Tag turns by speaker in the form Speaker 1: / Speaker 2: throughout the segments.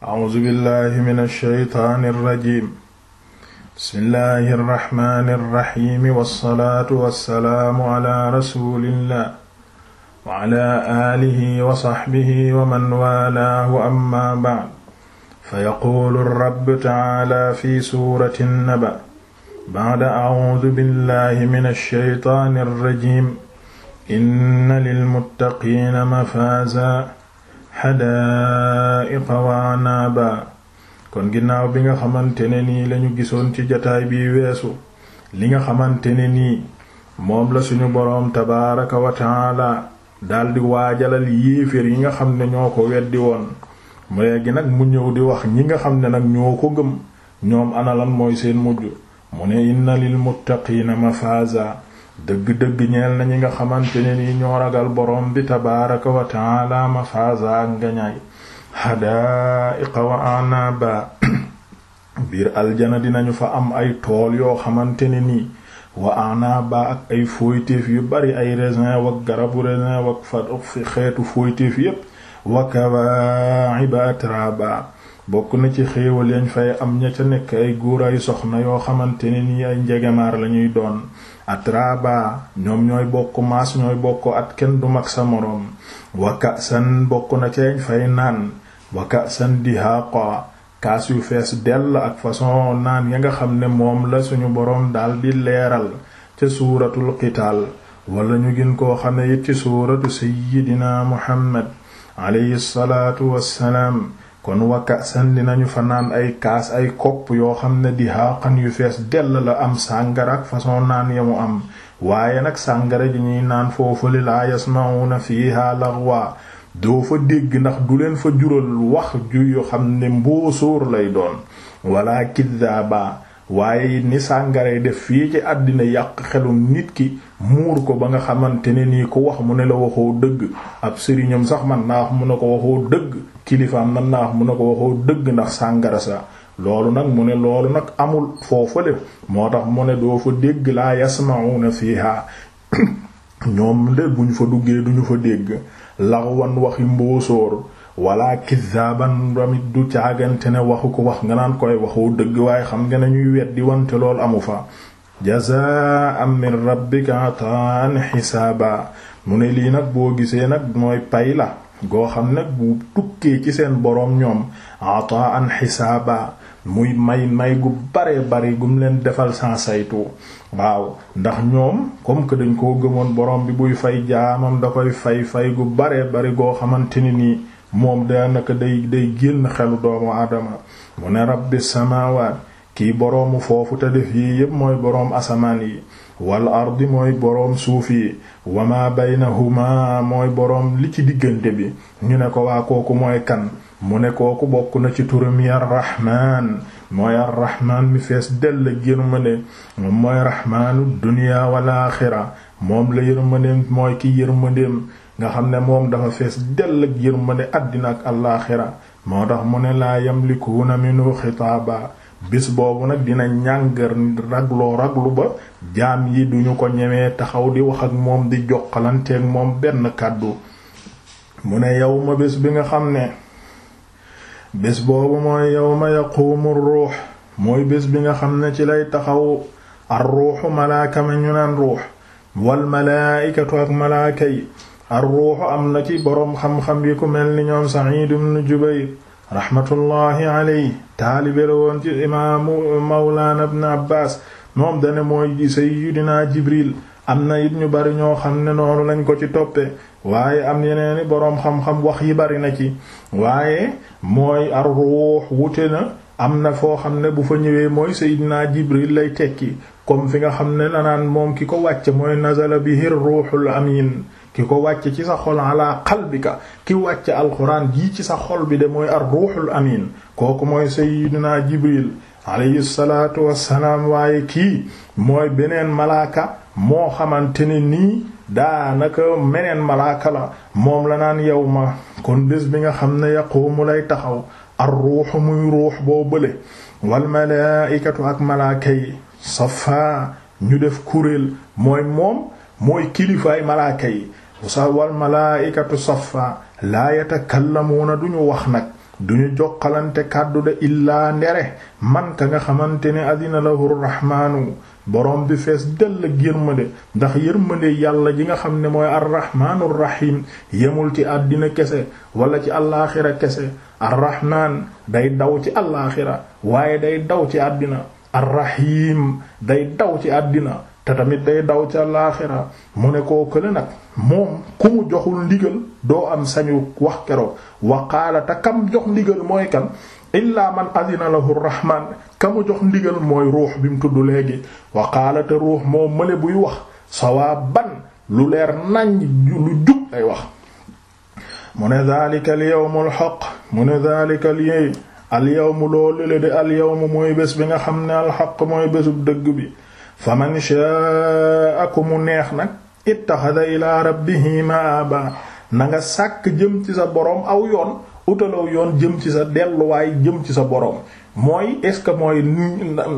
Speaker 1: A'uuzu billaahi mina shaytaani rajiim. Bismillaahi rahmaani rahiim. Wassalaatu wassalaamu alaa rasuulillaah wa alaa aalihi wa sahbihi wa man waalaahu ammaa ba'd. Fayaquulu rabbu ta'aalaa fi suurati Naba. Ba'da a'uuzu billaahi mina shaytaani rajiim. Inna lil muttaqiina mafaazaa. xadaa'iqa wa anaaba kon ginnaaw bi nga xamante ne nii lañu gisoon ci jataay bi weesu li nga xamante ne nii moom la suñu boroom tabaaraka wa taala daldi waajalal yéeféer yi nga xam ne ñoo ko weddi woon mu léegi nag mu ñëw di wax ñi nga xam ne nag ñoo ko gëm ñoom analan mooy seen mujj mu ne inna lil muttaqiina mafaaza dëgg-dëgg ñeel na ñi nga xamante ne nii ñoo ragal boroom bi tabaaraka wa taala mafaza ak ngañaay hadaa'iqa wa anaba biir aljana dinañu fa am ay tool yoo xamante ne nii wa anaba ak ay fooytéef yu bari ay raisin wak garabu raisin wak fa xeetu fooytéef yépp wa kawa'iba atraba bokk na ci xiiwal yañ fay am ña ca nekk ay góor soxna yoo xamante ne nii ay njegemaar lañuy doon atraba ñoom ñooy bokk maas ñooy bokk at kenn du mag sa moroom waka san bokk na ci yañ fay naan waka san dihaqa kaas yu fees dell ak façon naan ya nga xam ne moom la suñu boroom daal di leeral ca suuratu qitaal wala ñu gën koo xame it ci suuratu sayyidina muhammad alayhi salaatu wassalaam kon wa kasan dinañu fa naan ay kaas ay kopp yoo xam ne di xaqan yu fees dell la am sàngara ak façon naan ya mu am waaye nag sàngara ji ñuy naan foofale laa yasmauna fiha laghwa doo fa dégg ndax du leen fa jural wax yoo xam ne mboosóor lay doon wala kiddaaba waaye ni sàngara yi def fii ci àddina yàq xelum nit ki muur ko ba nga xamante ne nii ku wax mu ne la waxoo dëgg ab sëriñam sax man naa wax mu ne ko waxoo dëgg kilifaam mën naa wax mu ne ko waxoo dëgg ndax sàngara sa loolu nag mu ne loolu nag amul foofale moo tax mu ne doo fa dégg laa yasma'una ñoom de bu ñu duggee duñu fa dégg laxwan waxi mbóosóor wala kizaaban ramit du caagante ne waxu ko wax nga naan koy waxoo dëgg waaye xam nga nañuy ñuy weddi wante lool amu fa jazaa'an min rabbika ataan xisaaba mu ne lii nag boo gisee nag mooy pay la goo xam ne bu tukkee ci seen boroom ñoom ataan xisaaba muy may may gu bare bari gum leen defal sans saytu waaw ndax ñoom comme que dañ koo gëmoon boroom bi buy fay jaamam da koy fay fay gu bare bari goo xamante ni nii moom daanaka day day génn xelu doomu aadama mu ne rabbi samaawaat kii boroomu foofu te def yii yépp mooy boroom asamaan yi wal ardi mooy boroom suuf yi wa ma mooy boroom li ci diggante bi ñu ne ko waa kooku mooy kan mu ne kooku bokk na ci turam yi arrahmaan mooy arrahmaan mi fees dell yërmande moom mooy rahmaanu dunya wal axira moom la yërmandeem mooy ki yërmandeem nga xam ne moom dafa fees dell ak yërmande àddina ak àllaaxira moo tax mu ne laa yamlikuuna minhu xitaaba bis boobu nag dina ñàng ragloo raglu ba jaam yi duñu ko ñemee taxaw di wax ak moom di joxalanteeg moom benn kàddu mu ne ma bés bi nga xam ne bés boobu mooy yawma yaquumu ruux mooy bés bi nga xam ne ci lay taxaw ar ruuxu malaaka ma ñu naan ruux wal malaaikatu ak malaaka yi ar ruuxu am na ci boroom xam-xam yi ku mel ni ñoom Sa'id ibn Jubayr rahmatullahi alayhi taalibe la woon ci imaamu mawlaana ibn Abbaas moom dane mooy sayyidina Jibril am na it ñu bari ñoo xam ne noonu lañ ko ci toppe waaye am yeneeni boroom xam-xam wax yi bari na ci waaye mooy ar ruux wute na am na foo xam ne bu fa ñëwee mooy Seydina Jibril lay tekki comme fi nga xam ne lanaan moom ki ko wàcce mooy nazala bihi ruuxul amiin ki ko wàcce ci sa xol ala qalbika ki wàcce alxuraan jii ci sa xol bi de mooy ar ruuxul amiin kooku mooy Seydina Jibril alayhi salaatu wassalaam waaye kii mooy beneen malaaka moo xamante ne nii daanaka meneen malaaka la moom la naan yow ma kon bés bi nga xam ne yaquumu lay taxaw ar ruuxu muy ruux boo bële wal malaa'ikatu ak malaaka yi ñu def kuréel mooy moom mooy kilifaay malaaka yi sa wal malaa'ikatu safa laa yatakallamuuna duñu wax nag duñu jokkalante kàddu de illaa ndere man ka nga xamante ne adina lahu rrahmaanu borom bi fees dell ak yërmande ndax yërmande yàlla ji nga xam ne mooy arrahmaanur rahim yemul ci àddina kese wala ci allaaxira kese arrahmaan day daw ci allaaxira waaye day daw ci àddina arrahim day daw ci àddina te tamit day daw ci allaaxira mu ne koo kële nag moom ku mu joxul ndigal doo am sañu wax keroog waqaala te kam jox ndigal mooy kan illaa man adina lahu rahman ka mu jox ndigal mooy ruux bi mu tudd léegi wa qaala te ruux moo mële buy wax sawaaban lu leer nañ lu jub ay wax mu ne daalika al yawmu al haqq mu ne daalika al yawm al yawmu loolu le de al yawmu mooy bés bi nga xam ne al haqq mooy bésub dëgg bi fa man shaa ku mu neex nag ittaxada ilaa rabbihi maaba na nga sàkk jëm ci sa boroom aw yoon utalaw yoon jëm ci sa delluwaay jëm ci sa borom mooy est ce que mooy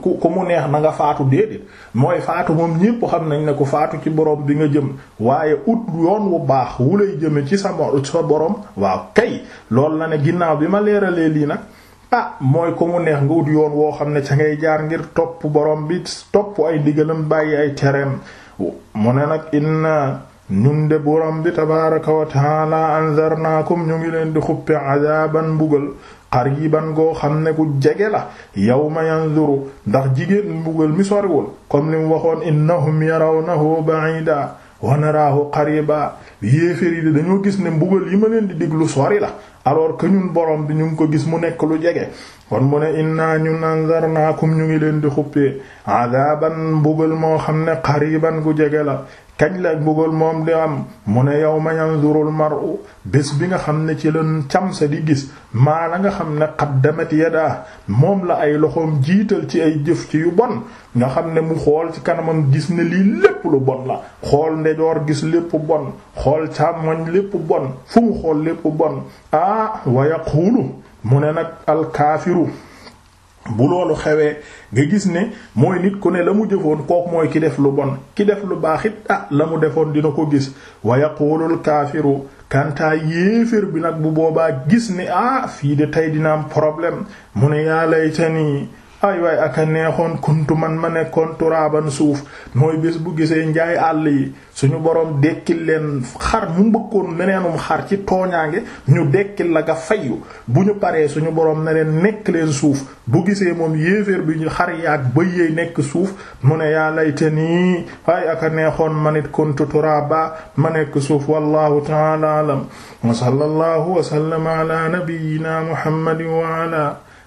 Speaker 1: ku mu neex na nga faatu déedéet mooy faatu moom ñépp xam nañ ne ko faatu ci borom bi nga jëm waaye ut yoon wu baax wu lay jëme ci sa sa borom waaw kay loolu na ne ginnaaw bi ma leeralee lii nag ah mooy ko mu neex nga ut yoon woo xam ne sa ngay jaar ngir topp boroom bi topp ay digalam bàyyi ay tereem mu ne nag inna nun de borom bi tabaaraka wa taala anzarnaakum ñu ngi leen di xuppe adaaban mbugal qariban goo xam ne ku jege la yawma yanzuru ndax jigéen mbugal mi soriwul comme li mu waxoon innahum yarawnahu ba'ida wa naraahu qariba yéeféer yi dañoo gis ne mbugal yi ma leen di diglu sori la alors ñun borom bi ñu ngi ko gis mu nekk lu jege kon mu ne inna ñun anzarnaakum ñu ngi leen di xuppe adaaban mbugal moo xam ne qariban gu jege la kañ la bëggal moom di am mu ne yawma yanzurul mar'u bés bi nga xam ne ci leen cam sa di gis maa la nga xam ne qaddamat yada moom la ay loxoom jiital ci ay jëf ci yu bon nga xam ne mu xool ci kanamam gis ne lii lépp lu bon la xool ndejoor gis lépp bon xool càmmoñ lépp bon fu mu xool lépp bon ah wa yaqulu mu ne nag alkaafiru bu loolu xewee nga gis ne mooy nit ku ne la mu jëfoon kook mooy ki def lu bon ki def lu baaxit it ah la mu defoon dina ko gis wa yaqulul kaafiru kantaa yéeféer bi nag bu boobaa gis ne ah fii de tey dina am problème mu ne yaa laytani ay waay ak a neexoon kuntu man ma nekkoon turaaban suuf mooy bés bu gisee njaay àll yi suñu boroom dekkil leen xar mu mbëkkoon meneenum xar ci tooñaange ñu dekkil la nga fayyu bu ñu paree suñu borom ne leen nekk leen suuf bu gisee moom yéeféer bi ñu xar yaak bëy yeey nekk suuf mu ne yaa layte nii ay ak a neexoon manit kuntu turaaba ma nekk suuf wallahu ta'ala wa sallallahu wa sallama ala nabiyyina muhammadin wa ala